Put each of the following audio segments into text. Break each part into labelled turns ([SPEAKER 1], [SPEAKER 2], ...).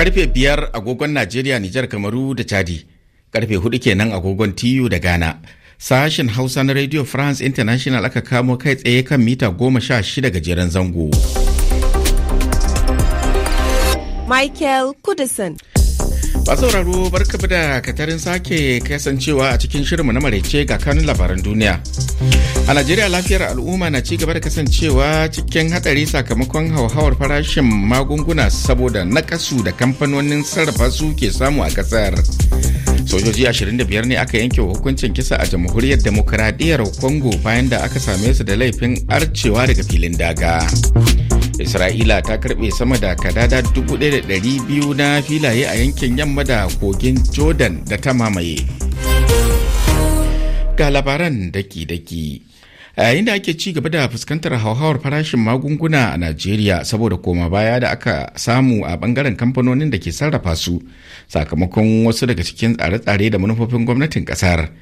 [SPEAKER 1] Karfe biyar agogon Najeriya, Nijar, Kamaru da Chadi. Karfe hudu kenan agogon TU da Ghana. Sashen Hausa na Radio France International aka kamo kai tsaye kan mita goma sha shida gajeren zango.
[SPEAKER 2] Michael Kudison.
[SPEAKER 1] Ba sauraro barkamu da katarin sake kasancewa a cikin shirinmu na maraice ga kanun labaran duniya. A Najeriya lafiyar al'umma na ci gaba da kasancewa cikin hatsari sakamakon hauhawar farashin magunguna saboda nakasu da kamfanonin sarrafa su ke samu a kasar. Sojoji 25 ne aka yanke hukuncin kisa a jamhuriyar demokradiyyar Congo bayan da aka same su da laifin arcewa daga filin daga. isra'ila ta karbe sama da kadada 1,200 na filaye a yankin yamma da kogin jordan da ta mamaye ga labaran daki-daki a yayin da ake ci gaba da fuskantar hauhawar farashin magunguna a najeriya saboda koma baya da aka samu a bangaren kamfanonin da ke sarrafa su sakamakon wasu daga cikin tsare-tsare da manufofin gwamnatin kasar.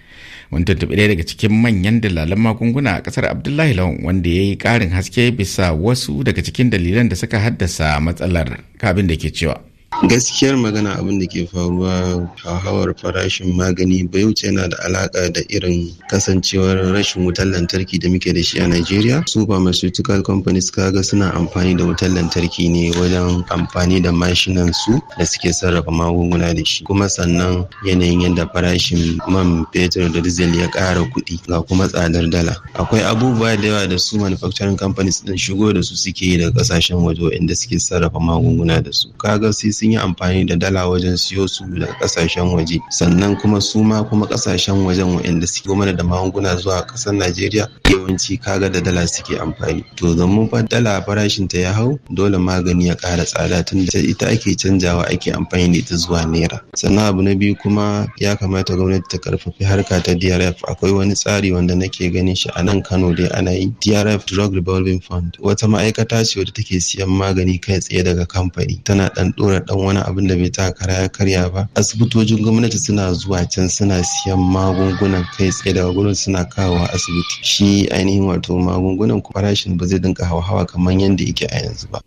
[SPEAKER 1] mun tuntuɓi ɗaya daga cikin manyan dalalan magunguna a ƙasar abdullahi lawan wanda ya yi ƙarin haske bisa wasu daga cikin dalilan da suka haddasa matsalar kabin da ke cewa
[SPEAKER 3] gaskiyar magana abin da ke faruwa hauhawar farashin magani bai wuce yana da alaka da irin kasancewar rashin wutar lantarki da muke da shi a Najeriya. Su pharmaceutical companies kaga suna amfani da wutar lantarki ne wajen amfani da mashinan su da suke sarrafa magunguna da shi. Kuma sannan yanayin yadda farashin man fetur da diesel ya ƙara kuɗi ga kuma tsadar dala. Akwai abubuwa da yawa da su manufacturing companies din shigo da su suke yi daga ƙasashen waje inda suke sarrafa magunguna da su. Kaga sai sun yi amfani da dala wajen siyo su daga kasashen waje sannan kuma su ma kuma kasashen wajen waɗanda suke mana da magunguna zuwa kasar najeriya yawanci kaga da dala suke amfani to zamu fa dala farashin ta ya hau dole magani ya kara tsada tun da ita ake canjawa ake amfani da ita zuwa naira sannan abu na biyu kuma ya kamata gwamnati ta karfafi harka ta drf akwai wani tsari wanda nake ganin shi a nan kano dai ana yi drf drug revolving fund wata ma'aikata ce wadda take siyan magani kai tsaye daga kamfani tana dan dora akan wani abin da bai takara ya karya ba asibitocin gwamnati suna zuwa can suna siyan magungunan kai tsaye daga gurin suna kawowa asibiti shi ainihin wato magungunan farashin ba zai dinka hawa-hawa kamar yadda yake a yanzu ba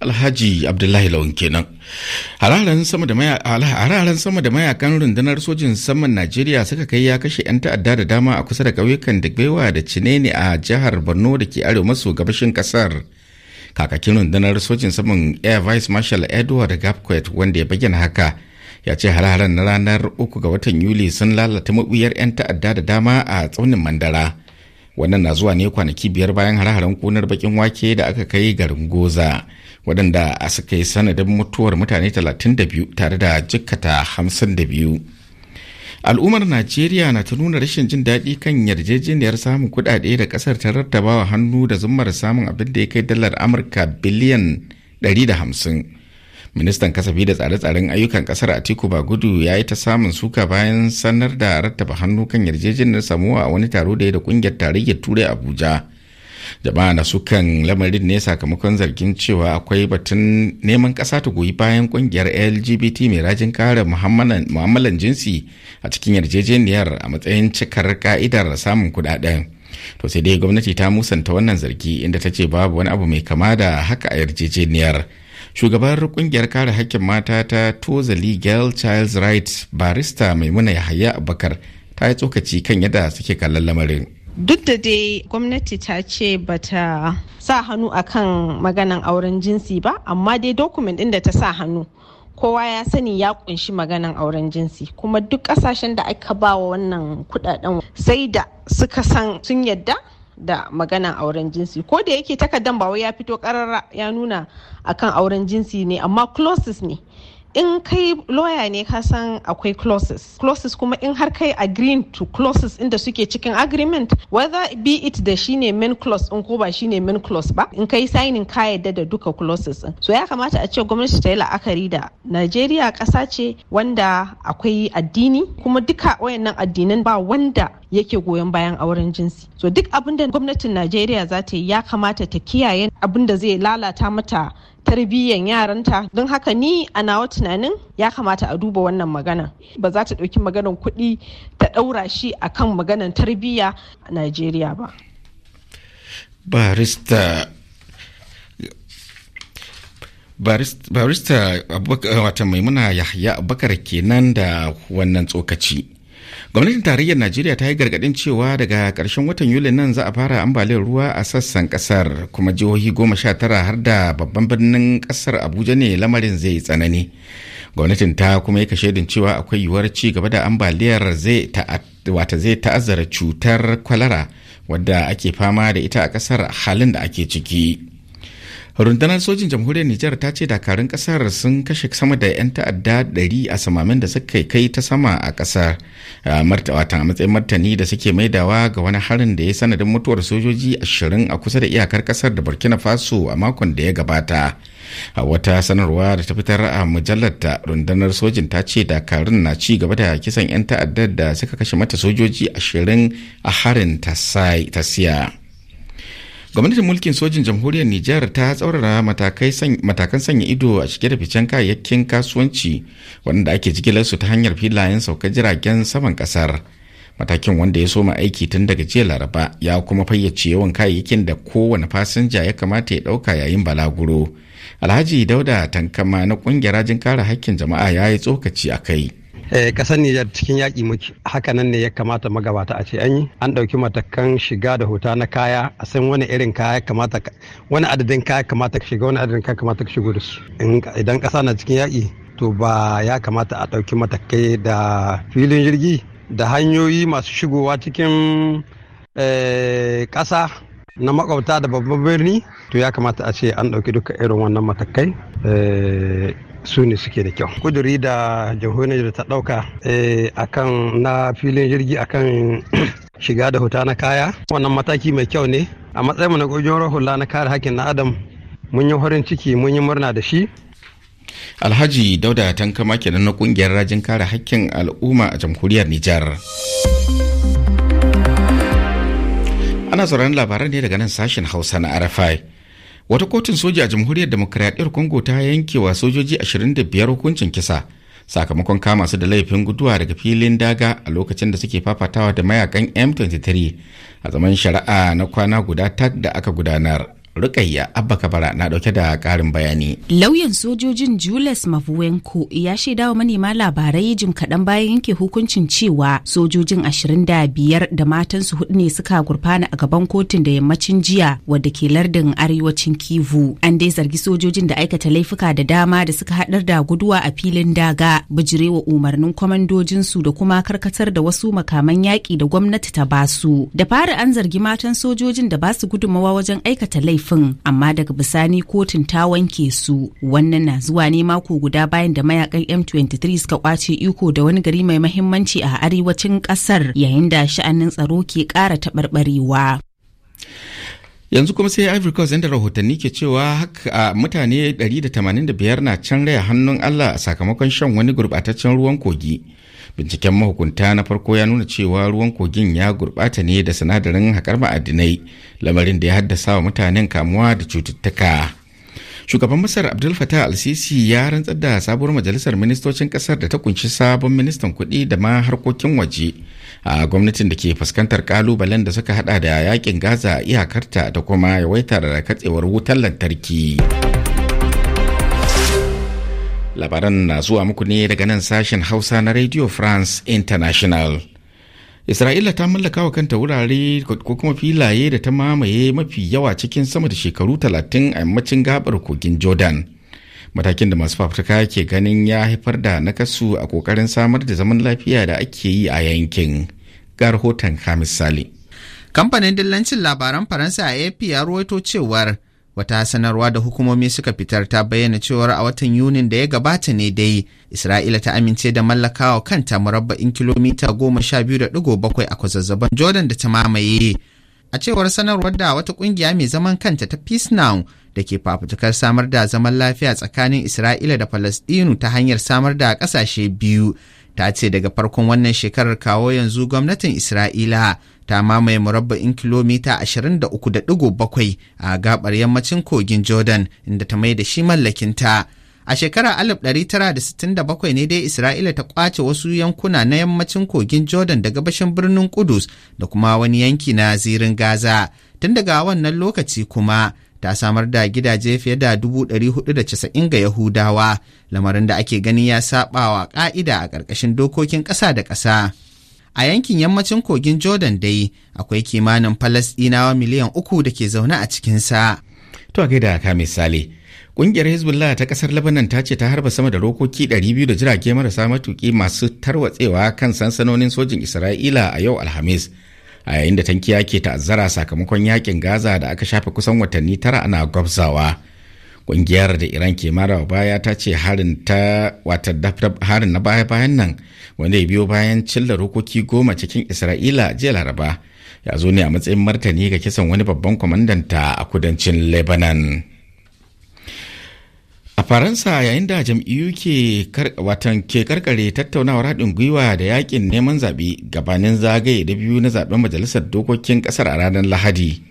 [SPEAKER 3] alhaji abdullahi lawan kenan hararen sama
[SPEAKER 1] da mayakan rundunar sojin saman najeriya suka kai ya kashe 'yan ta'adda da dama a kusa da ƙauyukan da baiwa da cinene a jihar borno da ke arewa maso gabashin kasar kakakin rundunar sojin saman air vice marshal edward gapquet wanda ya bayyana haka ya ce hare-haren na ranar 3 ga watan yuli sun lalata mabuyar 'yan ta'adda da dama a tsaunin mandara wannan na zuwa ne kwanaki biyar bayan hare-haren kunar bakin wake da aka kai garin goza waɗanda suka yi sanadin mutuwar mutane 32 tare da jikkata 52 al'ummar najeriya na ta nuna rashin jin daɗi kan yarjejeniyar samun kuɗaɗe da ƙasar ta rattabawa hannu da zummar samun abin da ya kai dalar amurka biliyan 150 ministan kasafi da tsare-tsaren ayyukan ƙasar atiku gudu ya yi ta samun suka bayan sanar da rattaba hannu kan yarjejeniyar samuwa a wani taro da ya da ƙungiyar tarayyar turai abuja jama'a na sukan lamarin ne sakamakon zargin cewa akwai batun neman ƙasa ta goyi bayan ƙungiyar lgbt mai rajin kare mu'amalan jinsi a cikin yarjejeniyar a matsayin cikar ka'idar samun kudaden to sai dai gwamnati ta musanta wannan zargi inda ta ce babu wani abu mai kama da haka a yarjejeniyar shugabar kungiyar kare hakkin mata ta tozali girl child's rights barista maimuna yahaya abubakar ta yi tsokaci kan yadda suke kallon lamarin
[SPEAKER 2] duk da dai gwamnati ta ce ba ta sa hannu akan maganan auren jinsi ba amma dai dokumen ɗin da ta sa hannu kowa ya sani ya kunshi maganan auren jinsi kuma duk kasashen da aka ba wa wannan kudaden sai da suka san sun yadda da maganan auren jinsi ko da yake takardan ba ya fito karara ya nuna akan auren jinsi ne amma clauses ne in kai lawyer ne ka san akwai clauses clauses kuma in har kai agree to clauses inda suke cikin agreement whether be it da shine main clause in ko ba shine main clause ba in kai signing ka yadda da duka clauses din so ya kamata a ce gwamnati ta yi la'akari da Najeriya kasa ce wanda akwai addini kuma duka wayannan addinan ba wanda yake goyon bayan auren jinsi so duk abin da gwamnatin Najeriya za ta yi ya kamata ta kiyaye abin da zai lalata mata tarbiyyan yaranta don haka ni a nawa tunanin ya kamata a duba wannan magana ba za ta ɗauki maganan kuɗi ta ɗaura shi a kan maganan tarbiyya a najeriya ba
[SPEAKER 1] barista abubakar wata maimuna yahya bakar kenan da wannan tsokaci gwamnatin tarayyar najeriya ta yi gargadin cewa daga karshen watan yuli nan za a fara ambaliyar ruwa a sassan kasar kuma jihohi goma sha tara har da babban birnin kasar abuja ne lamarin zai tsanani gwamnatin ta kuma yi shaidin cewa akwai yiwuwar ci gaba da ambaliyar wata zai ta'azzara cutar kwalara wadda ake fama da ita a kasar halin da ake ciki rundunar sojin jamhuriyar nijar ta ce dakarun kasar sun kashe sama da 'yan ta'adda 100 a samamin da suka kai ta sama a kasar martawata a matsayin martani da suke maidawa ga wani harin da ya sanadin mutuwar sojoji 20 a kusa da iyakar kasar da burkina faso a makon da ya gabata a wata sanarwa da ta fitar a mujallar ta rundunar sojin ta ce dakarun na ci gaba da kisan 'yan ta'addar da suka kashe mata sojoji 20 a harin ta siya. gwamnatin mulkin sojin jamhuriyar nijar ta tsaurara matakan sanya ido a cike da ficen kayayyakin kasuwanci waɗanda ake su ta hanyar filayen saukar jiragen saman kasar matakin wanda ya soma aiki tun daga jiya laraba ya kuma fayyace yawan kayayyakin da kowane fasinja ya kamata ya dauka yayin balaguro alhaji dauda tankama na kungiyar rajin kare hakkin jama'a ya yi tsokaci a kai
[SPEAKER 4] Eh, kasar Nijar cikin yaƙi muke hakanan ne ya kamata magabata a ce an yi an ɗauki matakan shiga da hota na kaya a san wani irin kaya kamata wani adadin kaya kamata ka shiga wani adadin kaya kamata ka shigo da su idan ƙasa na cikin yaƙi to ba ya kamata a ɗauki matakai da filin jirgi da hanyoyi masu shigowa cikin eh, ƙasa na makwabta da babban birni to ya kamata a ce an ɗauki duka irin wannan matakai eh, su ne suke da kyau kuduri da da ta dauka eh, kan na filin jirgi a kan shiga da huta na kaya wannan mataki mai kyau ne a matsayin na ƙungiyar hula na kare hakkin na adam mun yi harin ciki mun yi murna da shi
[SPEAKER 1] alhaji dauda tankama kenan na kungiyar rajin kare hakkin al'umma a jamhuriyar nijar ana sauraron labaran ne daga nan sashen hausa na rfi wata kotun soja a jamhuriyar demokradiyyar congo ta yanke wa sojoji 25 hukuncin kisa sakamakon kama su da laifin guduwa daga filin daga a lokacin da suke fafatawa da mayakan m23 a zaman shari'a na kwana guda tak da aka gudanar Rukayya Abba Kabara na dauke da karin bayani.
[SPEAKER 2] Lauyan sojojin Julius Mavuenko ya shaida wa manema labarai jim kaɗan bayan yanke hukuncin cewa sojojin 25 da matansu hudu ne suka gurfana a gaban kotun da yammacin jiya wadda ke lardin arewacin Kivu. An dai zargi sojojin da aikata laifuka da dama da suka haɗar da guduwa a filin daga, bijirewa umarnin kwamandojinsu da kuma karkatar da wasu makaman yaƙi da gwamnati ta basu. Da fara an zargi matan sojojin da ba su gudummawa wajen aikata laifi laifin amma daga bisani kotun ta wanke su wannan na zuwa ne mako guda bayan da mayakan M23 suka kwace iko da wani gari mai mahimmanci a arewacin kasar yayin da sha'anin tsaro ke kara taɓarɓarewa.
[SPEAKER 1] yanzu kuma sai ivory coast inda rahotanni ke cewa haka mutane 185 na can raya hannun allah a sakamakon shan wani gurbataccen ruwan kogi binciken mahukunta na farko ya nuna cewa ruwan kogin ya gurɓata ne da sinadarin haƙar ma'adinai lamarin da ya haddasa wa mutanen kamuwa da cututtuka shugaban masar abdul fatah al-sisi ya rantsar da sabuwar majalisar ministocin kasar da ta kunshi sabon ministan kuɗi da ma harkokin waje a gwamnatin da ke fuskantar kalubalen da suka hada da yakin gaza iyakarta da kuma yawaitar katsewar wutar lantarki labaran na zuwa muku ne daga nan sashen hausa na radio france international isra'ila ta mallaka wa kanta wurare ko kuma filaye da ta mamaye mafi yawa cikin sama da shekaru talatin a yammacin gabar kogin jordan matakin da masu fafutuka ke ganin ya haifar da nakasu a
[SPEAKER 5] kokarin samar da zaman lafiya da ake yi a yankin ga rahoton hamis sali kamfanin dillancin labaran faransa a ap ya ruwaito cewar Wata sanarwa da hukumomi suka fitar ta bayyana cewar a watan Yunin da ya gabata ne dai Isra'ila ta amince da mallakawa kanta murabba'in kilomita goma sha biyu da digo bakwai a kwazazzaban Jordan da ta mamaye. A cewar sanarwar da wata ƙungiya mai zaman kanta ta Peace Now da ke fafutukar samar da zaman lafiya tsakanin Isra'ila da Falasɗinu ta hanyar samar da ƙasashe biyu. Ta ce daga farkon wannan shekarar kawo yanzu gwamnatin Isra'ila ta mamaye murabba'in kilomita 23.7 a gabar yammacin kogin jordan inda ta mai da shi mallakinta a shekarar 1967 ne dai isra'ila ta kwace wasu yankuna na yammacin kogin jordan da gabashin birnin kudus da kuma wani yanki na zirin gaza tun daga wannan lokaci kuma ta samar da gidaje fiye da dubu ɗari da 490 ga yahudawa lamarin da ake gani ya saɓawa ƙa'ida a ƙarƙashin dokokin ƙasa da ƙasa a yankin yammacin kogin jordan dai akwai kimanin falasɗinawa miliyan uku da ke zaune a cikinsa to a gaida ka misali Ƙungiyar Hezbollah ta ƙasar Lebanon ta ce ta harba sama da rokoki 200 da jirage marasa
[SPEAKER 1] matuki masu tarwatsewa kan sansanonin sojin Isra'ila a yau Alhamis. A yayin da tankiya ke ta'azzara sakamakon yakin Gaza da aka shafe kusan watanni tara ana gwabzawa. Ƙungiyar da Iran ke marawa baya ta ce harin na baya-bayan nan wanda ya biyo bayan cillar rokoki goma cikin Isra'ila jiya Laraba ya zo ne a matsayin martani ga kisan wani babban kwamandanta a kudancin Lebanon. A Faransa yayin da jam'iyyu ke ke karkare tattaunawar haɗin gwiwa da yakin neman zaɓe gabanin zagaye da biyu na zaɓen majalisar dokokin ƙasar a ranar Lahadi.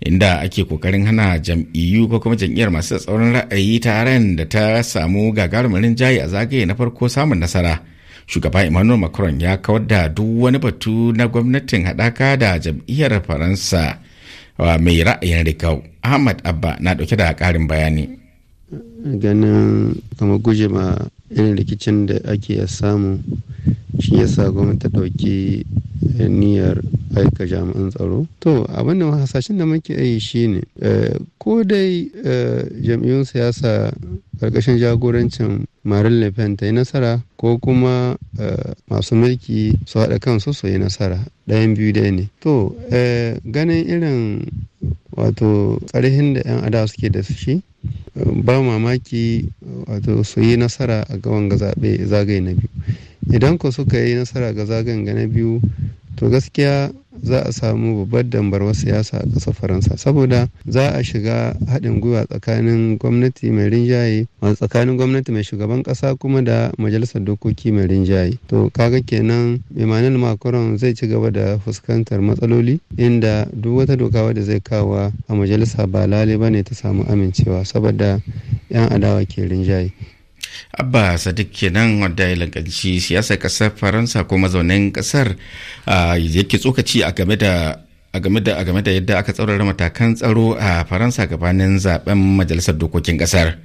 [SPEAKER 1] inda ake kokarin hana jam'iyyu ko kuma jam'iyyar masu tsaurin ra'ayi ran da ta samu gagarumin jayi a zagaye na farko samun nasara shugaba emmanuel macron ya kawar da duk wani batu na gwamnatin haɗaka da jam'iyyar faransa mai ra'ayin rikau ahmad abba na ɗauke da ƙarin bayani
[SPEAKER 6] ganin kama guje ma irin rikicin da ake samu shi yasa gwamnati ta ɗauki Eh, niyyar aika jami'an tsaro to abin da hasashen da muke yi shine eh, ko dai eh, jam'iyyun siyasa karkashin jagorancin marin le ta yi nasara ko kuma masu mulki su haɗa kansu su yi nasara ɗayan biyu dai ne to ganin irin wato tsarihin da 'yan ada suke da shi ba mamaki wato su yi nasara a gawan ga zaɓe zagaye na biyu idan ku suka yi nasara ga zagayen na biyu to gaskiya za a samu babbar dambarwar siyasa a ƙasar faransa saboda za a shiga haɗin gwiwa tsakanin gwamnati mai rinjaye tsakanin gwamnati mai shugaban ƙasa kuma da majalisar dokoki mai rinjaye to kaga kenan emmanuel macron zai ci gaba da fuskantar matsaloli inda duk wata doka wadda zai kawo a majalisa ba lale ba ne ta samu amincewa saboda 'yan adawa ke rinjaye
[SPEAKER 1] abba sadiq kenan wanda ya lankanci siyasar kasar faransa ko mazaunin kasar yake tsokaci a game da a game da a game da yadda aka tsaurara matakan tsaro a faransa gabanin zaben majalisar dokokin kasar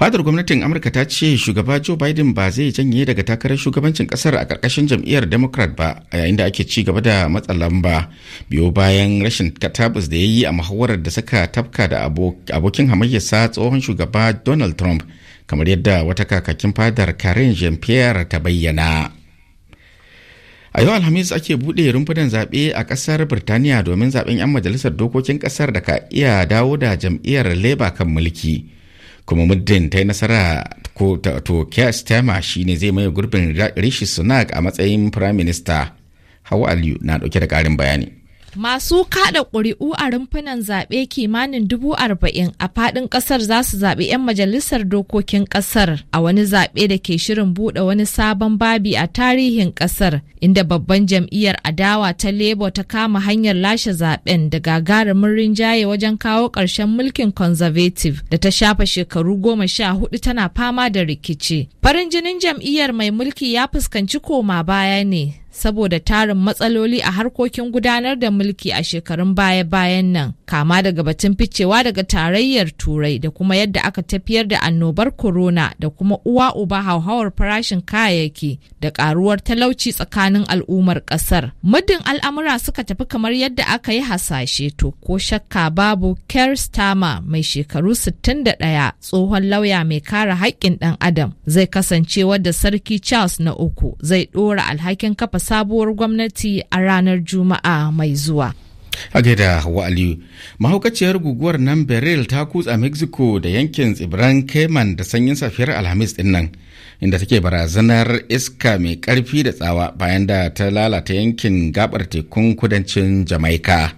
[SPEAKER 1] fadar gwamnatin amurka ta ce shugaba joe biden ba zai janye daga takarar shugabancin kasar a karkashin jam'iyyar democrat ba a yayin da ake ci gaba da matsa lamba biyo bayan rashin katabus da ya yi a muhawarar da suka tafka da abokin hamayyarsa tsohon shugaba donald trump kamar yadda wata kakakin fadar karen jean pierre ta bayyana a yau alhamis ake buɗe rumfunan zaɓe a ƙasar birtaniya domin zaɓen 'yan majalisar dokokin ƙasar da ka iya dawo da jam'iyyar leba kan mulki kuma muddin ta yi nasara ko to Keir Starmer shine zai maye gurbin Rishi Sunak a matsayin firaminista Hawa Aliyu na ɗauke da ƙarin bayani.
[SPEAKER 7] Masu kada ƙuri'u a rumfunan zaɓe kimanin dubu arba'in a faɗin ƙasar za su zaɓi 'yan majalisar dokokin ƙasar a wani zaɓe da ke shirin buɗe wani sabon babi a tarihin ƙasar inda babban jam'iyyar adawa ta Labour ta kama hanyar lashe zaɓen da gagarumin rinjaye wajen kawo ƙarshen mulkin Conservative da ta shafa shekaru goma sha hudu tana fama da rikici. Farin jinin jam'iyyar mai mulki ya fuskanci koma baya ne saboda tarin matsaloli a harkokin gudanar da mulki a shekarun baya-bayan nan kama daga batun ficewa daga tarayyar turai da kuma yadda aka tafiyar da annobar corona da kuma uwa uba hauhawar farashin kayayyaki da karuwar talauci tsakanin al'ummar kasar muddin al'amura suka tafi kamar yadda aka yi hasashe to ko shakka babu Ker stama mai shekaru 61 tsohon lauya mai kare haƙƙin ɗan adam zai kasance wadda sarki Charles na uku zai ɗora alhakin kafa sabuwar gwamnati a ranar Juma'a mai zuwa.
[SPEAKER 1] a gaida Hauwa Aliyu. Mahaukaciyar guguwar nan beril ta kutsa Mexico da yankin tsibiran Cayman da sanyin safiyar Alhamis din nan, inda take barazanar iska mai karfi da tsawa bayan da ta lalata yankin gabar tekun kudancin Jamaica.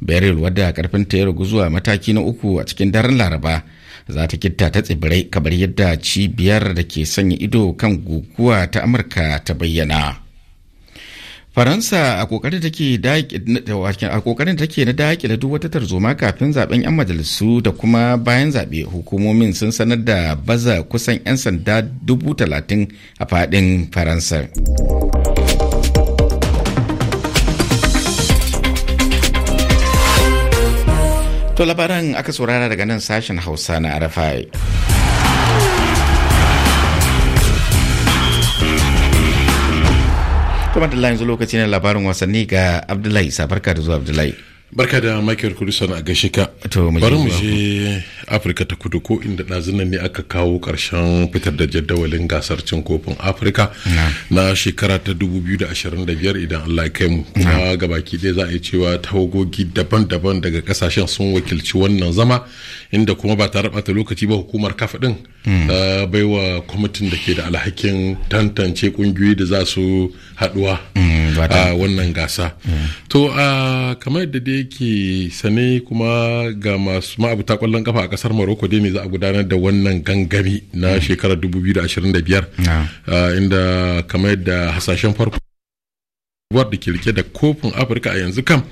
[SPEAKER 1] beril wadda ta ya rugu zuwa mataki na uku a cikin daren Laraba. Za ta kitta ta tsibirai kamar yadda cibiyar da ke sanya ido kan guguwa ta Amurka ta bayyana. Faransa a kokarin take a kokarin take na duk wata tarzoma kafin zaben 'yan majalisu da kuma bayan zaɓe hukumomin sun sanar da baza kusan 'yan sanda dubu talatin a fadin Faransa. To labaran aka saurara daga nan sashen Hausa na Arafai. barka da lines lokaci na labarin wasanni ga Abdullahi sabarka da zuwa Abdullahi. barka da michael kurisan a gashi ka bari mu je afirka ta kudu
[SPEAKER 8] ko inda ɗazunan ne aka kawo karshen fitar da jadawalin gasar cin kofin afirka na shekara ta 2025 idan allah kai mu kuma gabaki ɗaya za a yi cewa tawagogi daban-daban daga ƙasashen sun wakilci wannan zama inda kuma ba tare ɓata lokaci ba hukumar kafa ɗin hmm. ta baiwa kwamitin da ke da alhakin tantance ƙungiyoyi da za su haɗuwa hmm, a wannan gasa hmm. to kamar yadda dai ke sane kuma ga masu ma'abuta kwallon kafa a kasar Morocco dai ne za a gudanar da wannan gangami na mm. shekarar 2025 inda kamar yadda hasashen farko wadda da ke rike da kofin afirka a yanzu kam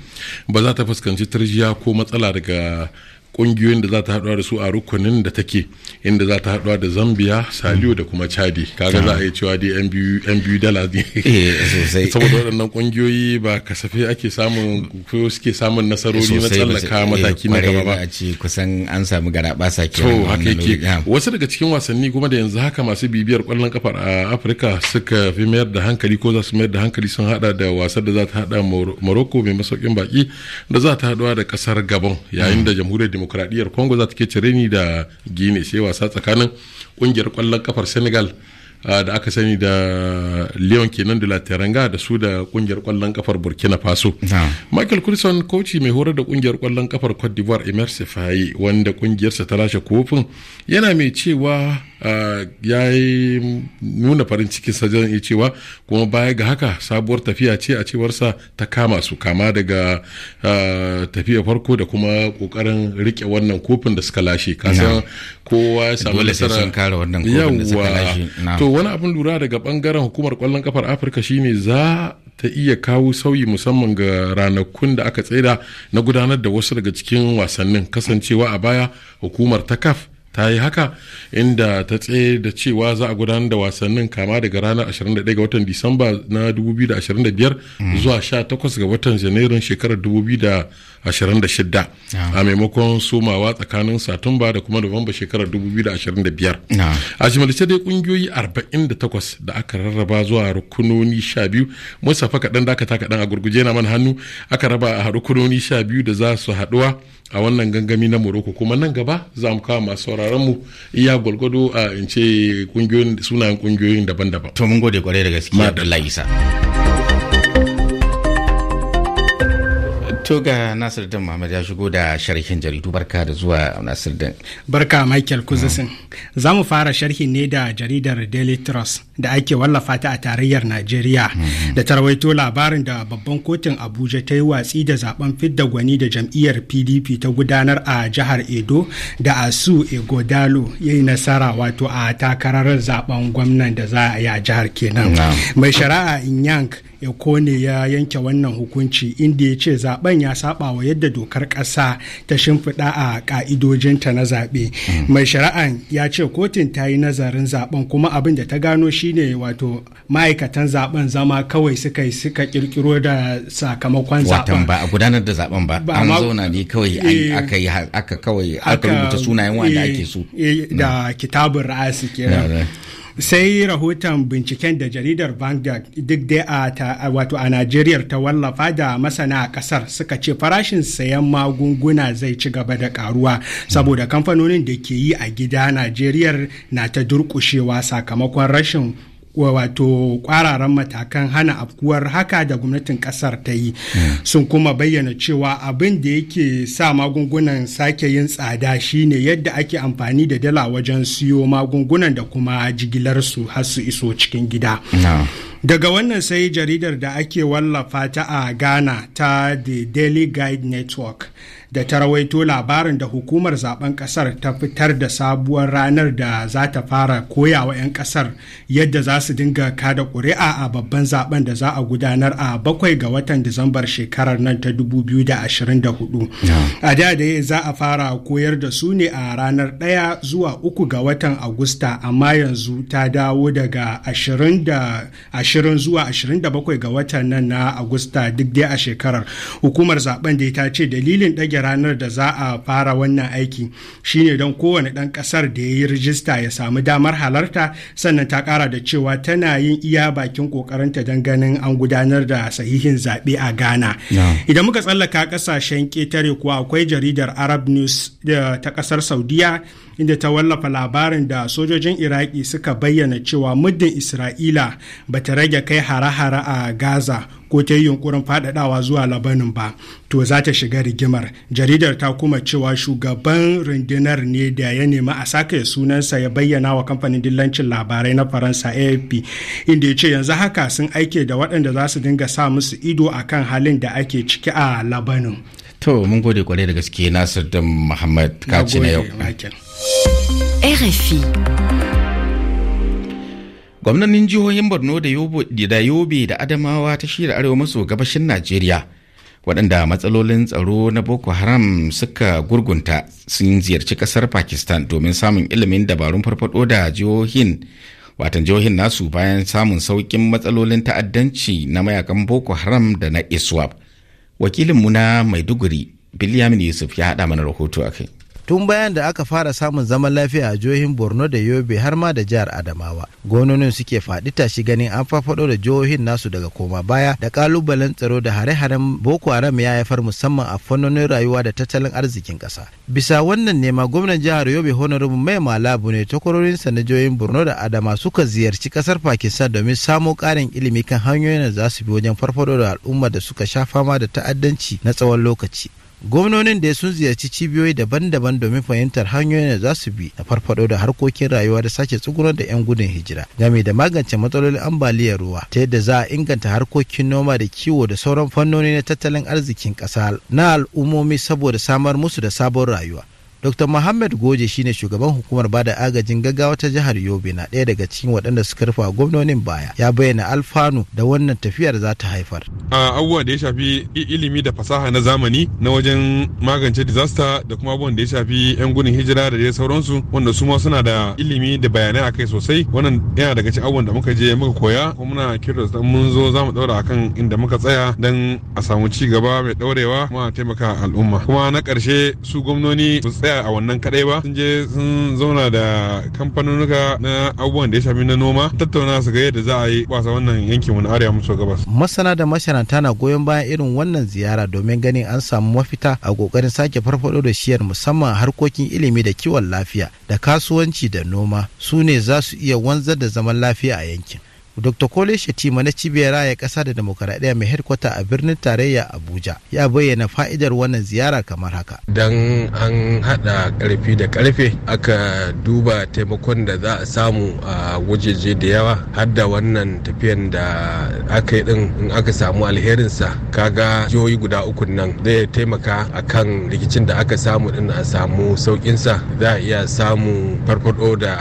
[SPEAKER 8] ba za ta fuskanci tarjiya ko matsala daga kungiyoyin da za ta haɗuwa da su a rukunin da take inda za ta haɗuwa da zambia saliyo da kuma chadi kaga za a yi cewa dai yan
[SPEAKER 1] biyu dala eh, saboda
[SPEAKER 8] waɗannan kungiyoyi ba kasafe ake samun ko suke samun nasarori na tsallaka mataki na gaba ba
[SPEAKER 1] kusan an samu sake haka yake
[SPEAKER 8] wasu daga cikin wasanni kuma da yanzu haka masu bibiyar kwallon kafar a afirka suka fi mayar da hankali ko za su mayar da hankali sun hada da wasar da za ta hada morocco mai masaukin baki da za ta haɗuwa da kasar gabon yayin da jamhuriyar demokradiyyar congo za ta ke cire ni da gine sai wasa tsakanin kungiyar kwallon kafar senegal Ah, da aka sani da leon kenan da lateranga da su da kungiyar kwallon kafar burkina faso michael crisson koci mai horar da kungiyar kwallon kafar cote d'ivoire emer faye wanda kungiyarsa ta lashe kofin yana mai cewa ah, ya yi nuna farin cikin sajan iya cewa kuma baya ga haka sabuwar tafiya ce a cewarsa ta kama su kama daga ah, tafiya farko da kuma kokarin rike wannan kofin da suka lashe kasan kowa ya samu nasara yawwa to wani abin lura daga bangaren hukumar kwallon kafar afirka shine za ta iya kawo sauyi musamman ga ranakun da aka tsaida na gudanar da wasu daga cikin wasannin kasancewa a baya hukumar ta kaf ta yi haka inda ta tsaye da cewa za a gudanar da wasannin kama daga ranar 21 ga watan disamba na 2025 mm. zuwa 18 ga watan janairun shekarar 2026 a maimakon somawa tsakanin satumba da kuma nuwamba shekarar 2025 a jimalice dai kungiyoyi 48 da aka rarraba zuwa rukunoni 12 musafa kaɗan dakata kaɗan a gurguje na man hannu aka raba a rukunoni 12 da za su haɗuwa a wannan gangami na morocco kuma nan gaba za mu kawo masu sauraron mu iya gwalgwado a in ce sunayen kungiyoyin daban-daban to mun gode kwarai
[SPEAKER 1] da gaskiya da laisa to ga nasir din muhammad ya shigo da sharhin jaridu barka da zuwa nasir din
[SPEAKER 9] barka michael mm. kuzisin za mu fara sharhi ne da jaridar daily trust da ake wallafa ta a tarayyar najeriya mhm. da tarwaito labarin da babban kotun abuja ta yi watsi da zaben fidda gwani da jam'iyyar pdp ta gudanar a jihar edo da asu egodalo ya yi nasara wato a takarar zaben gwamnan da za a yi a jihar kenan mai shari'a Inyang Ekone ya yanke wannan hukunci inda ya ce zaben ya saba wa yadda dokar ƙasa ta shimfiɗa a ka'idojinta na zaɓe mm. mai shari'an ya ce kotun ta yi nazarin zaben kuma abin da ta gano shi shine wato ma'aikatan zaben zama kawai suka yi suka kirkiro da sakamakon zaben
[SPEAKER 1] ba a gudanar da zaben ba an zauna ne kawai eh. aka yi aka kawai aka rubuta sunayen wanda ake so
[SPEAKER 9] eh, eh, da kitabun ra'asi kenan sai rahoton binciken da jaridar vanguard duk dai a wato a najeriya ta wallafa da masana a kasar suka ce farashin sayan magunguna zai ci gaba da karuwa saboda kamfanonin da ke yi a gida najeriya na ta durkushewa sakamakon rashin wato kwararan matakan hana afkuwar haka da gwamnatin kasar ta yi hmm. sun kuma bayyana cewa abin da yake sa magungunan sake yin tsada shine yadda ake amfani da dala wajen siyo magungunan da kuma jigilarsu har su iso cikin gida daga wannan sai jaridar da ake wallafa ta a ghana ta the daily guide network da ta rawaito labarin da hukumar zaben kasar ta fitar da sabuwar ranar da za ta fara koyawa 'yan kasar yadda za su dinga kada ƙuri'a a babban zaben da za a gudanar a bakwai ga watan disambar shekarar nan ta 2024 a da da za a fara koyar da su ne a ranar 1 zuwa uku ga watan agusta amma yanzu ta dawo daga ashirin zuwa 27 ga watan nan na agusta duk dai a shekarar hukumar zaben da ta ce dalilin ɗage ranar da za a fara wannan aiki shine don kowane ɗan ƙasar da ya yi rijista ya samu damar halarta sannan ta ƙara da cewa tana yin iya bakin ƙoƙarinta don ganin an gudanar da sahihin zaɓe a ghana idan muka tsallaka ƙasashen ƙetare kuwa akwai jaridar arab news eh, ta ƙasar saudiya inda ta wallafa labarin da sojojin iraki suka bayyana cewa muddin isra'ila ba ta rage kai hare-hare a gaza ko ta yi yunkurin faɗaɗawa zuwa labanin ba to za ta shiga rigimar jaridar ta kuma cewa shugaban rundunar ne da ya nemi a saka ya sunansa ya bayyana wa kamfanin dillancin labarai na faransa afp inda ya ce yanzu haka sun aike da waɗanda za su dinga sa musu ido a kan halin da ake ciki a labanin
[SPEAKER 1] To mun gode kwarai da gaske Nasir da Muhammad Kaci na yau. RFI. gwamnanin jihohin borno da yobe da adamawa ta shirya arewa maso gabashin najeriya waɗanda matsalolin tsaro na boko haram suka gurgunta sun ziyarci ƙasar pakistan domin samun ilimin dabarun farfado da jihohin watan jihohin nasu bayan samun sauƙin matsalolin ta'addanci na mayakan boko haram da na iswap wakilinmu na maiduguri biliyamin yusuf ya haɗa mana rahoto a kai
[SPEAKER 10] tun bayan da aka fara samun zaman lafiya a jihohin borno da yobe har ma da jihar adamawa gononin suke faɗi tashi ganin an farfaɗo da jihohin nasu daga koma baya da kalubalen tsaro da hare-haren boko haram ya haifar musamman a fannonin rayuwa da tattalin arzikin ƙasa bisa wannan nema gwamnan jihar yobe honorable mai malabu ne takwarorinsa na jihohin borno da adama suka ziyarci ƙasar pakistan domin samo ƙarin ilimi kan hanyoyin da za su bi wajen farfaɗo da al'umma da suka sha fama da ta'addanci na tsawon lokaci gwamnonin da sun ziyarci cibiyoyi daban-daban domin fahimtar hanyoyin da za su bi a farfado da harkokin rayuwa da sake tsugunar da 'yan gudun hijira game da magance matsalolin ambaliyar ruwa ta yadda za a inganta harkokin noma da kiwo da sauran fannoni na tattalin arzikin ƙasa na al'ummomi saboda samar musu da sabon rayuwa dr muhammad goje shine shugaban hukumar bada agajin gaggawa ta jihar yobe na ɗaya daga cikin waɗanda suka rufa gwamnonin baya ya bayyana alfanu da wannan tafiyar za ta haifar
[SPEAKER 8] a abubuwa da ya shafi ilimi da fasaha na zamani na wajen magance disaster da kuma abubuwan da ya shafi yan gudun hijira da dai sauransu wanda su ma suna da ilimi da bayanai akai sosai wannan yana daga cikin abubuwan da muka je muka koya kuma muna kira da mun zo za mu daura akan inda muka tsaya don a samu ci gaba mai ɗaurewa kuma a taimaka al'umma kuma na ƙarshe su gwamnoni su tsaya tsaya a wannan kadai ba sun je sun zauna da kamfanonuka na abubuwan da ya shafi na noma tattauna su ga yadda za a yi wasa wannan yankin wani arewa maso gabas
[SPEAKER 10] masana da masharanta na goyon bayan irin wannan ziyara domin ganin an samu mafita a kokarin sake farfado da shiyar musamman harkokin ilimi da kiwon lafiya da kasuwanci da noma su ne za su iya wanzar da zaman lafiya a yankin dr kole shetima na cibiyar raya ƙasa da demokaradiyya mai hedkwata a birnin tarayya abuja ya bayyana fa'idar wannan ziyara kamar haka
[SPEAKER 9] dan an haɗa karfi da karfe aka duba taimakon da za a samu a wajeje da yawa har wannan tafiyan da aka yi din in aka samu alherinsa kaga jihohi guda uku nan zai taimaka a kan rikicin da aka samu din a samu sauƙinsa za a iya samu farfaɗo da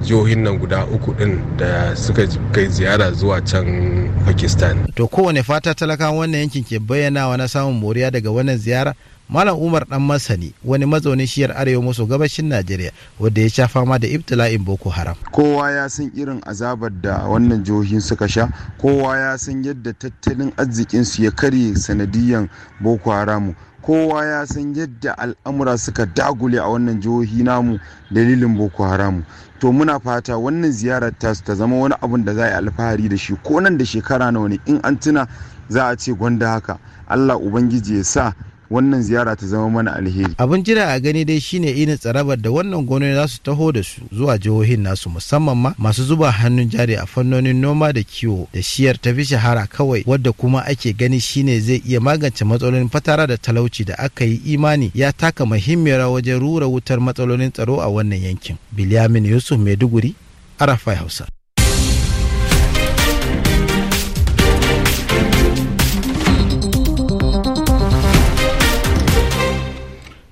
[SPEAKER 9] jihohin nan guda uku din da suka ziyara zuwa
[SPEAKER 10] can pakistan to kowane fata talakawa wannan yankin ke bayyanawa na samun moriya daga wannan ziyara malam umar dan masani wani mazaunin shiyar arewa maso gabashin najeriya wanda ya sha fama da ibtila'in boko haram
[SPEAKER 3] kowa ya san irin azabar da wannan jihohin suka sha kowa ya san yadda tattalin arzikinsu ya karye sanadiyan boko haramu kowa ya san yadda al'amura suka dagule a wannan jihohi namu dalilin boko haramu to muna fata wannan ziyarar tasu ta zama wani abun da za a yi alfahari da shi ko nan da shekara nawa ne in an tuna za a ce gwanda haka allah ubangiji ya sa wannan ziyara ta zama mana alheri
[SPEAKER 10] abin jira a gani dai shine irin tsarabar da wannan gwamnati za su taho da su zuwa jihohin nasu musamman ma masu zuba hannun jari a fannonin noma da kiwo da shiyar ta fi shahara kawai wadda kuma ake gani shine zai iya magance matsalolin fatara da talauci da aka yi imani ya taka muhimmiyar wajen rura wutar matsalolin tsaro a wannan yankin biliyamin yusuf maiduguri arafai hausa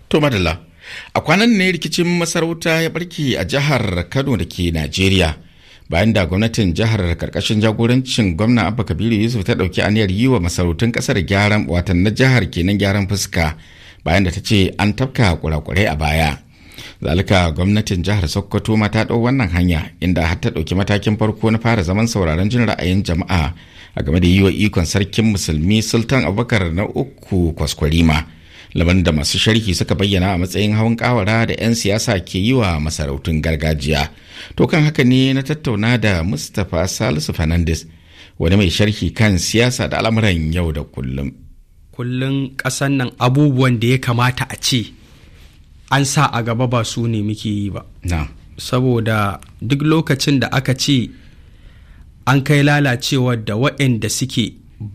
[SPEAKER 1] To madalla, a kwanan ne rikicin masarauta ya barke a jihar Kano da ke Najeriya. Bayan da gwamnatin jihar karkashin jagorancin gwamna Abba Kabiru Yusuf ta ɗauki aniyar yi wa masarautun ƙasar gyaran watan na jihar kenan gyaran fuska bayan da ta ce an tafka kurakurai a baya. zalika gwamnatin jihar sokoto ma ta ɗau wannan hanya inda har ta ɗauki matakin farko na fara zaman sauraron jin ra'ayin jama'a a game da yi wa ikon sarkin musulmi sultan abubakar na uku kwaskwarima laban da masu sharhi suka bayyana a matsayin hawan kawara da 'yan siyasa ke yi wa masarautun gargajiya to kan haka ne na tattauna da mustapha salisu fernandes wani mai sharhi kan siyasa da al'amuran yau da kullum
[SPEAKER 4] kullum ƙasan nan abubuwan da ya kamata a ce an sa a gaba ba su ne muke yi ba saboda duk lokacin da aka ce an kai lalacewar da waɗanda suke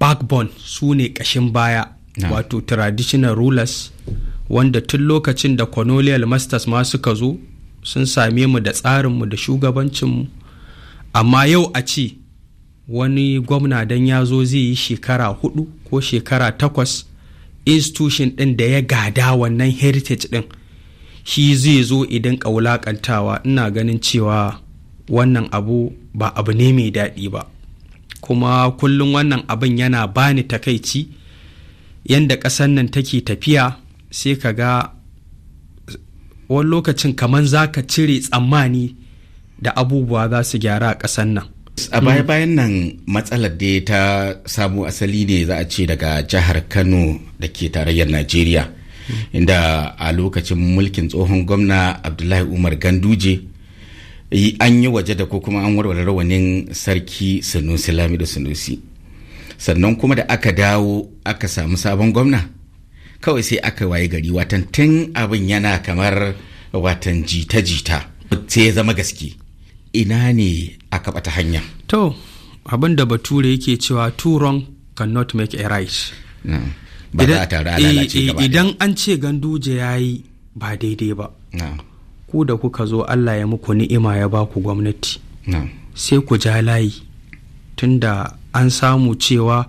[SPEAKER 4] backbone su ne ƙashin baya wato traditional rulers wanda tun lokacin da colonial masters ma suka zo sun same mu da tsarinmu da shugabancinmu amma yau a ce wani gwamna don ya zo zai yi shekara hudu ko shekara takwas institution ɗin da ya gada wannan heritage ɗin shi zai zo idan wulaƙantawa ina ganin cewa wannan abu ba abu ne mai daɗi ba kuma kullum wannan abin yana bani takaici yanda ƙasar nan take tafiya sai ka ga wani lokacin kamar za ka cire tsammani da abubuwa za su gyara a ƙasar nan a baya
[SPEAKER 1] bayan nan matsalar da ta samu asali ne za a ce daga jihar kano da ke tarayyar najeriya inda a lokacin mulkin tsohon gwamna abdullahi umar ganduje an yi waje da ko kuma an warware rawanin sarki sanusi lamido sanusi sannan kuma da aka dawo aka samu sabon gwamna kawai sai aka waye gari watan tun abin yana kamar watan jita-jita sai ya zama gaske ina ne aka bata hanya
[SPEAKER 4] to abin da bature yake cewa turon wrong cannot make a right idan an ce ganduje ya yi ba daidai ba ku da kuka zo allah ya muku ni'ima ya ba ku gwamnati sai ku ja layi tunda an samu cewa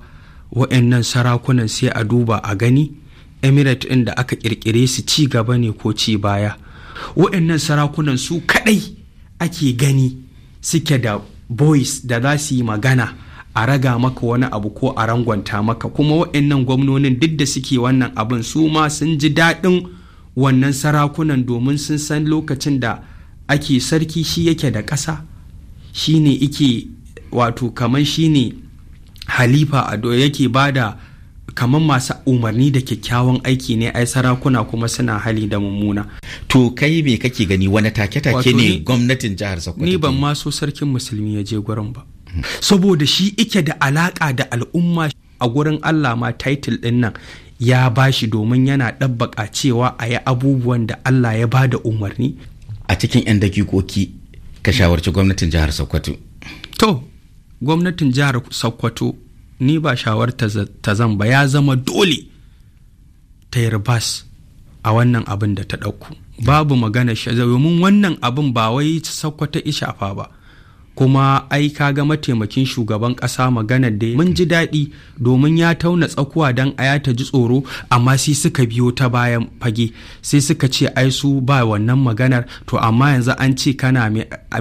[SPEAKER 4] wa'annan sarakunan sai a duba a gani emirate ɗin da aka ƙirƙire su ci gaba ne ko ci baya wa'annan sarakunan su kaɗai ake gani suke da boys da za su yi magana a raga maka wani abu ko a rangwanta maka kuma wa'annan gwamnonin duk da suke wannan abin su ma sun ji daɗin wannan sarakunan domin sun san lokacin da ake sarki shi yake da ƙasa shi ne ike wato kamar shi ne halifa ado yake bada kamar masu umarni da kyakkyawan aiki ne ai sarakuna kuma suna hali da mummuna. To kai me kake gani wani take-take ne gwamnatin jihar Sokoto? Ni ban ma sarkin musulmi ya je gurin ba. Hmm. Saboda shi ike da alaka da al'umma a gurin Allah ma title din nan ya bashi domin yana ɗabbaka cewa a yi abubuwan da Allah ya ba da umarni. A cikin 'yan
[SPEAKER 1] dakikoki ka shawarci gwamnatin jihar Sokoto.
[SPEAKER 4] To, gwamnatin jihar Sokoto ni ba shawarta ta zan ba ya zama dole ta bas a wannan abin da ta ɗauku babu magana domin wannan abin ba wai sakwata ishafa ba kuma ai ga mataimakin shugaban ƙasa magana da mun ji daɗi domin ya tauna tsakuwa don aya ta ji tsoro amma sai suka biyo ta bayan fage sai suka ce ai su ba wannan maganar to amma yanzu an ce kana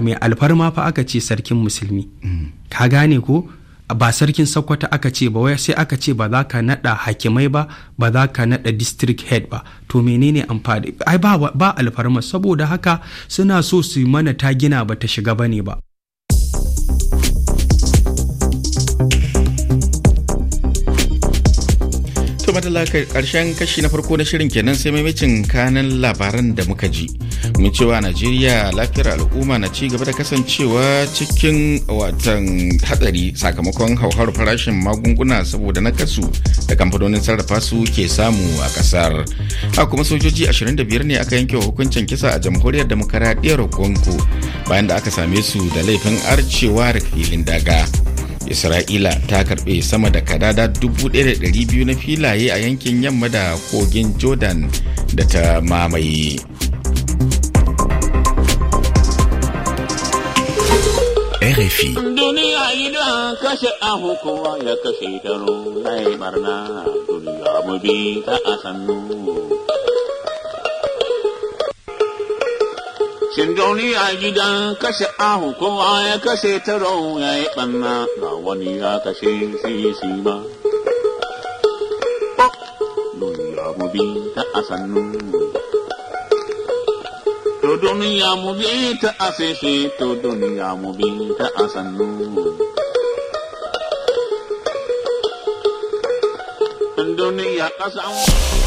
[SPEAKER 4] mai alfarma fa aka ce sarkin musulmi mm. ka gane ko ba sarkin sokoto aka ce ba wai sai aka ce ba za ka nada hakimai ba ba za ka nada district head ba to menene amfani ai ba ba alfarma saboda haka suna so su mana ta gina ba ta shiga bane ba
[SPEAKER 1] matala karshen kashi na farko na shirin kenan sai maimacin kanan labaran da muka ji mun cewa najeriya lafiyar al'umma na ci gaba da kasancewa cikin watan hatsari sakamakon hauhar farashin magunguna saboda na kasu da kamfanonin sarrafa su ke samu a kasar a kuma sojoji 25 ne aka yanke hukuncin kisa a jamhuriyar demokaradiyyar congo bayan da aka same su da laifin arcewa da filin daga isra'ila ta karbe sama da kadada 1,200 na filaye a yankin yamma da kogin jordan da ta mamaye
[SPEAKER 10] RFI.
[SPEAKER 5] Duniya idan kashe ahu kowa ya kashe ta ruwa barna duniya mu bi ta a sannu. Shin a gidan kashe ahu kowa ya kashe taro ya yi ɓanna ga wani ya kashe sai shi ba.
[SPEAKER 8] Duniya mu
[SPEAKER 1] bi ta asannu. To duniya mu bi ta to duniya mu bi ta
[SPEAKER 7] Duniya